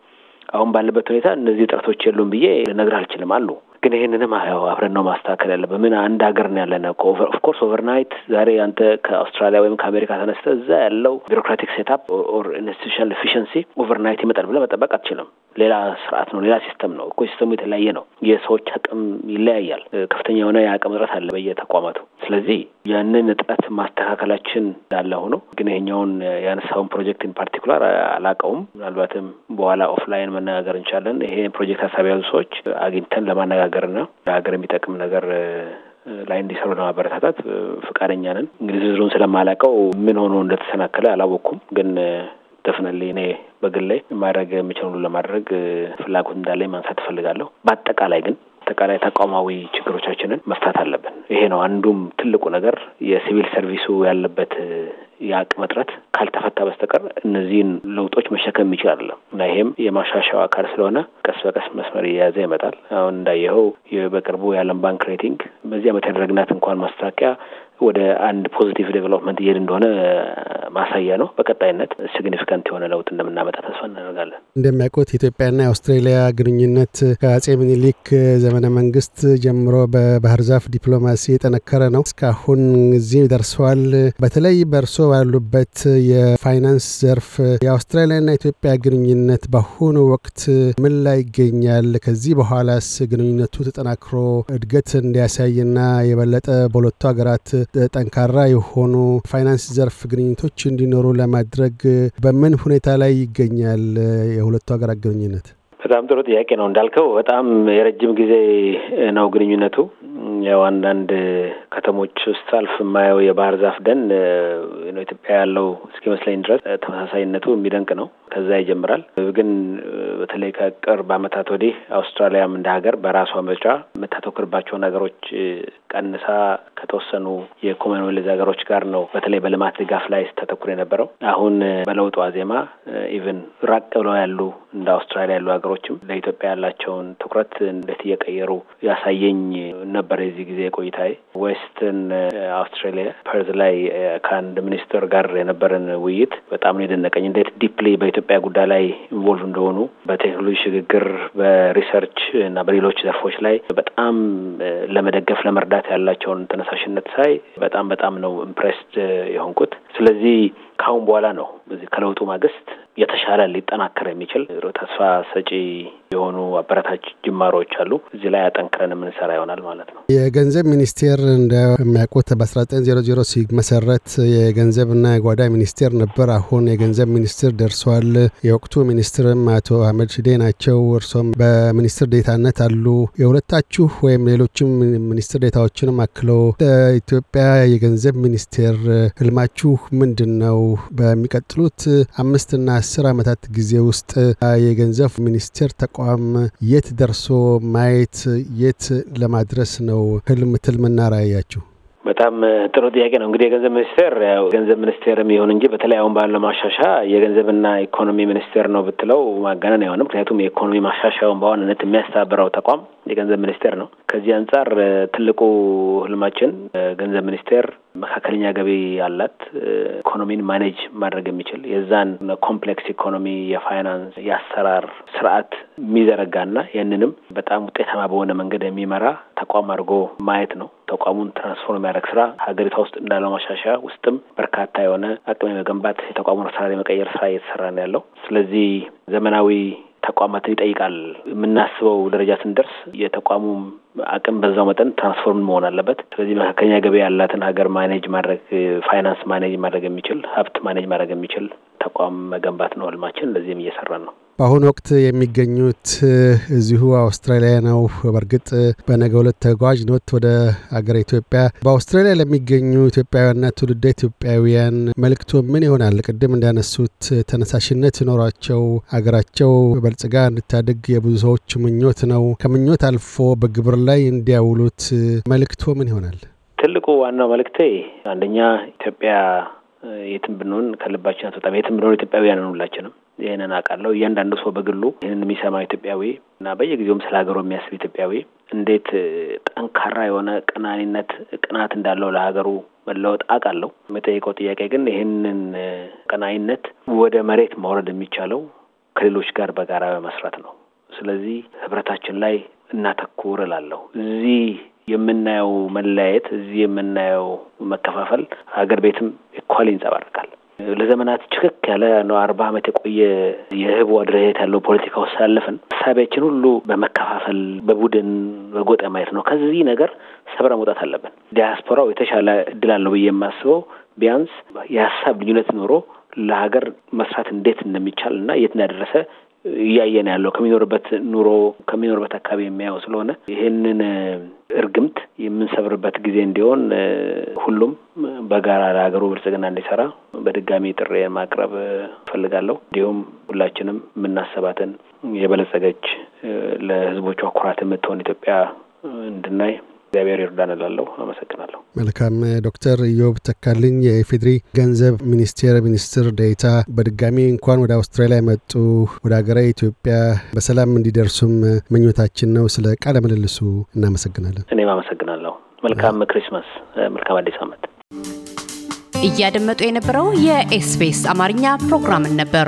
አሁን ባለበት ሁኔታ እነዚህ ጥረቶች የሉም ብዬ ነግር አልችልም፣ አሉ ግን ይሄንንም አብረን ነው ማስተካከል ያለብን። ምን አንድ ሀገር ነው ያለነ ኦፍኮርስ ኦቨርናይት ዛሬ አንተ ከአውስትራሊያ ወይም ከአሜሪካ ተነስተ እዛ ያለው ቢሮክራቲክ ሴታፕ ኦር ኢንስቲቱሽናል ኤፊሽንሲ ኦቨርናይት ይመጣል ብለህ መጠበቅ አትችልም። ሌላ ስርዓት ነው፣ ሌላ ሲስተም ነው እኮ። ሲስተሙ የተለያየ ነው። የሰዎች አቅም ይለያያል። ከፍተኛ የሆነ የአቅም እጥረት አለ በየተቋማቱ። ስለዚህ ያንን እጥረት ማስተካከላችን እንዳለ ሆኖ ግን ይሄኛውን ያነሳውን ፕሮጀክት ኢን ፓርቲኩላር አላቀውም። ምናልባትም በኋላ ኦፍላይን መነጋገር እንችላለን። ይሄ ፕሮጀክት ሀሳብ የያዙ ሰዎች አግኝተን ለማነጋገርና ለሀገር የሚጠቅም ነገር ላይ እንዲሰሩ ለማበረታታት ፈቃደኛ ነን። እንግዲህ ዝርዝሩን ስለማላቀው ምን ሆኖ እንደተሰናከለ አላወቅኩም ግን ደፍነሌ እኔ በግሌ ማድረግ የሚችሉ ለማድረግ ፍላጎት እንዳለኝ ማንሳት እፈልጋለሁ። በአጠቃላይ ግን አጠቃላይ ተቋማዊ ችግሮቻችንን መፍታት አለብን። ይሄ ነው አንዱም ትልቁ ነገር የሲቪል ሰርቪሱ ያለበት የአቅም እጥረት ካልተፈታ በስተቀር እነዚህን ለውጦች መሸከም የሚችል አይደለም እና ይሄም የማሻሻው አካል ስለሆነ ቀስ በቀስ መስመር እየያዘ ይመጣል። አሁን እንዳየኸው በቅርቡ የዓለም ባንክ ሬቲንግ በዚህ ዓመት ያደረግናት እንኳን ማስታወቂያ ወደ አንድ ፖዚቲቭ ዴቨሎፕመንት እየሄድ እንደሆነ ማሳያ ነው። በቀጣይነት ሲግኒፊካንት የሆነ ለውጥ እንደምናመጣ ተስፋ እናደርጋለን። እንደሚያውቁት ኢትዮጵያና የአውስትሬሊያ ግንኙነት ከአጼ ምኒልክ ዘመነ መንግስት ጀምሮ በባህር ዛፍ ዲፕሎማሲ የጠነከረ ነው። እስካሁን እዚህ ደርሰዋል። በተለይ በእርሶ ባሉበት የፋይናንስ ዘርፍ የአውስትራሊያና ኢትዮጵያ ግንኙነት በአሁኑ ወቅት ምን ላይ ይገኛል? ከዚህ በኋላስ ግንኙነቱ ተጠናክሮ እድገት እንዲያሳይና የበለጠ በሁለቱ ሀገራት ጠንካራ የሆኑ ፋይናንስ ዘርፍ ግንኙነቶች እንዲኖሩ ለማድረግ በምን ሁኔታ ላይ ይገኛል የሁለቱ ሀገራት ግንኙነት? በጣም ጥሩ ጥያቄ ነው። እንዳልከው በጣም የረጅም ጊዜ ነው ግንኙነቱ። ያው አንዳንድ ከተሞች ውስጥ አልፍ የማየው የባህር ዛፍ ደን ኢትዮጵያ ያለው እስኪመስለኝ ድረስ ተመሳሳይነቱ የሚደንቅ ነው። ከዛ ይጀምራል። ግን በተለይ ከቅርብ አመታት ወዲህ አውስትራሊያም እንደ ሀገር በራሷ ምርጫ የምታተኩርባቸው ነገሮች ቀንሳ ከተወሰኑ የኮመንዌልዝ ሀገሮች ጋር ነው በተለይ በልማት ድጋፍ ላይ ስታተኩር የነበረው። አሁን በለውጧ ዜማ ኢቨን ራቅ ብለው ያሉ እንደ አውስትራሊያ ያሉ ሀገሮችም ለኢትዮጵያ ያላቸውን ትኩረት እንዴት እየቀየሩ ያሳየኝ ነበር የዚህ ጊዜ ቆይታዬ። ዌስትን አውስትራሊያ ፐርዝ ላይ ከአንድ ሚኒስትር ጋር የነበረን ውይይት በጣም ነው የደነቀኝ እንዴት ዲፕሊ በኢትዮ በኢትዮጵያ ጉዳይ ላይ ኢንቮልቭ እንደሆኑ በቴክኖሎጂ ሽግግር፣ በሪሰርች እና በሌሎች ዘርፎች ላይ በጣም ለመደገፍ ለመርዳት ያላቸውን ተነሳሽነት ሳይ በጣም በጣም ነው ኢምፕሬስድ የሆንኩት። ስለዚህ ከአሁን በኋላ ነው እዚህ ከለውጡ ማግስት የተሻለ ሊጠናከር የሚችል ተስፋ ሰጪ የሆኑ አበረታች ጅማሮዎች አሉ። እዚህ ላይ አጠንክረን የምንሰራ ይሆናል ማለት ነው። የገንዘብ ሚኒስቴር እንደሚያውቁት በ1900 ሲመሰረት የገንዘብና የጓዳ ሚኒስቴር ነበር። አሁን የገንዘብ ሚኒስትር ደርሷል። የወቅቱ ሚኒስትርም አቶ አህመድ ሽዴ ናቸው። እርሶም በሚኒስትር ዴታነት አሉ። የሁለታችሁ ወይም ሌሎችም ሚኒስትር ዴታዎችንም አክለው ኢትዮጵያ የገንዘብ ሚኒስቴር ህልማችሁ ምንድን ነው? በሚቀጥሉት አምስትና አስር ዓመታት ጊዜ ውስጥ የገንዘብ ሚኒስቴር ተቋም የት ደርሶ ማየት የት ለማድረስ ነው ህልም ትልምና ራእያችሁ? በጣም ጥሩ ጥያቄ ነው። እንግዲህ የገንዘብ ሚኒስቴር ያው ገንዘብ ሚኒስቴርም ይሁን እንጂ በተለይ አሁን ባለው ማሻሻ የገንዘብና ኢኮኖሚ ሚኒስቴር ነው ብትለው ማጋነን አይሆንም። ምክንያቱም የኢኮኖሚ ማሻሻያውን በዋናነት የሚያስተባብረው ተቋም የገንዘብ ሚኒስቴር ነው። ከዚህ አንጻር ትልቁ ህልማችን ገንዘብ ሚኒስቴር መካከለኛ ገቢ ያላት ኢኮኖሚን ማኔጅ ማድረግ የሚችል የዛን ኮምፕሌክስ ኢኮኖሚ የፋይናንስ የአሰራር ስርዓት የሚዘረጋና ይህንንም በጣም ውጤታማ በሆነ መንገድ የሚመራ ተቋም አድርጎ ማየት ነው። ተቋሙን ትራንስፎርም የሚያደረግ ስራ ሀገሪቷ ውስጥ እንዳለው ማሻሻያ ውስጥም በርካታ የሆነ አቅም የመገንባት የተቋሙን አሰራር የመቀየር ስራ እየተሰራ ነው ያለው። ስለዚህ ዘመናዊ ተቋማትን ይጠይቃል። የምናስበው ደረጃ ስንደርስ የተቋሙ አቅም በዛው መጠን ትራንስፎርም መሆን አለበት። ስለዚህ መካከለኛ ገቢ ያላትን ሀገር ማኔጅ ማድረግ፣ ፋይናንስ ማኔጅ ማድረግ የሚችል ሀብት ማኔጅ ማድረግ የሚችል ተቋም መገንባት ነው ህልማችን። ለዚህም እየሰራን ነው። በአሁኑ ወቅት የሚገኙት እዚሁ አውስትራሊያ ነው። በእርግጥ በነገ ሁለት ተጓዥ ኖት ወደ አገር ኢትዮጵያ። በአውስትራሊያ ለሚገኙ ኢትዮጵያውያንና ትውልደ ኢትዮጵያውያን መልክቶ ምን ይሆናል? ቅድም እንዳነሱት ተነሳሽነት ሲኖራቸው አገራቸው በልጽጋ እንድታድግ የብዙ ሰዎች ምኞት ነው። ከምኞት አልፎ በግብር ላይ እንዲያውሉት መልክቶ ምን ይሆናል? ትልቁ ዋናው መልእክቴ አንደኛ ኢትዮጵያ የትም ብንሆን ከልባችን አትወጣም። የትም ብንሆን ኢትዮጵያውያን ሁላችንም ይህንን አውቃለሁ። እያንዳንዱ ሰው በግሉ ይህንን የሚሰማ ኢትዮጵያዊ እና በየጊዜውም ስለ ሀገሩ የሚያስብ ኢትዮጵያዊ እንዴት ጠንካራ የሆነ ቀናኒነት ቅናት እንዳለው ለሀገሩ መለወጥ አውቃለሁ። የምጠይቀው ጥያቄ ግን ይህንን ቀናኒነት ወደ መሬት ማውረድ የሚቻለው ከሌሎች ጋር በጋራ በመስራት ነው። ስለዚህ ህብረታችን ላይ እናተኩር እላለሁ። እዚህ የምናየው መለያየት፣ እዚህ የምናየው መከፋፈል ሀገር ቤትም ኢኳል ይንጸባርቃል። ለዘመናት ችክክ ያለ ነው። አርባ ዓመት የቆየ የህቡ አደረጃጀት ያለው ፖለቲካ ውስጥ ሳለፍን ሀሳቢያችን ሁሉ በመከፋፈል በቡድን በጎጠ ማየት ነው። ከዚህ ነገር ሰብረ መውጣት አለብን። ዲያስፖራው የተሻለ እድል አለው ብዬ የማስበው ቢያንስ የሀሳብ ልዩነት ኖሮ ለሀገር መስራት እንዴት እንደሚቻል እና የት እንዳደረሰ እያየን ያለው ከሚኖርበት ኑሮ ከሚኖርበት አካባቢ የሚያየው ስለሆነ ይህንን እርግምት የምንሰብርበት ጊዜ እንዲሆን ሁሉም በጋራ ለሀገሩ ብልጽግና እንዲሰራ በድጋሚ ጥሪ ማቅረብ እፈልጋለሁ። እንዲሁም ሁላችንም የምናስባትን የበለጸገች ለሕዝቦቿ ኩራት የምትሆን ኢትዮጵያ እንድናይ እግዚአብሔር ይርዳን እላለሁ። አመሰግናለሁ። መልካም ዶክተር ኢዮብ ተካልኝ የኢፌዴሪ ገንዘብ ሚኒስቴር ሚኒስትር ዴኤታ፣ በድጋሚ እንኳን ወደ አውስትራሊያ መጡ፣ ወደ ሀገረ ኢትዮጵያ በሰላም እንዲደርሱም ምኞታችን ነው። ስለ ቃለ ምልልሱ እናመሰግናለን። እኔም አመሰግናለሁ። መልካም ክሪስማስ፣ መልካም አዲስ ዓመት። እያደመጡ የነበረው የኤስቢኤስ አማርኛ ፕሮግራምን ነበር።